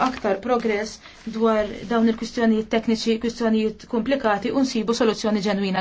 aktar progress dwar dawn il-kwistjonijiet tekniċi, kwistjonijiet komplikati unsibu soluzzjoni ġenwina.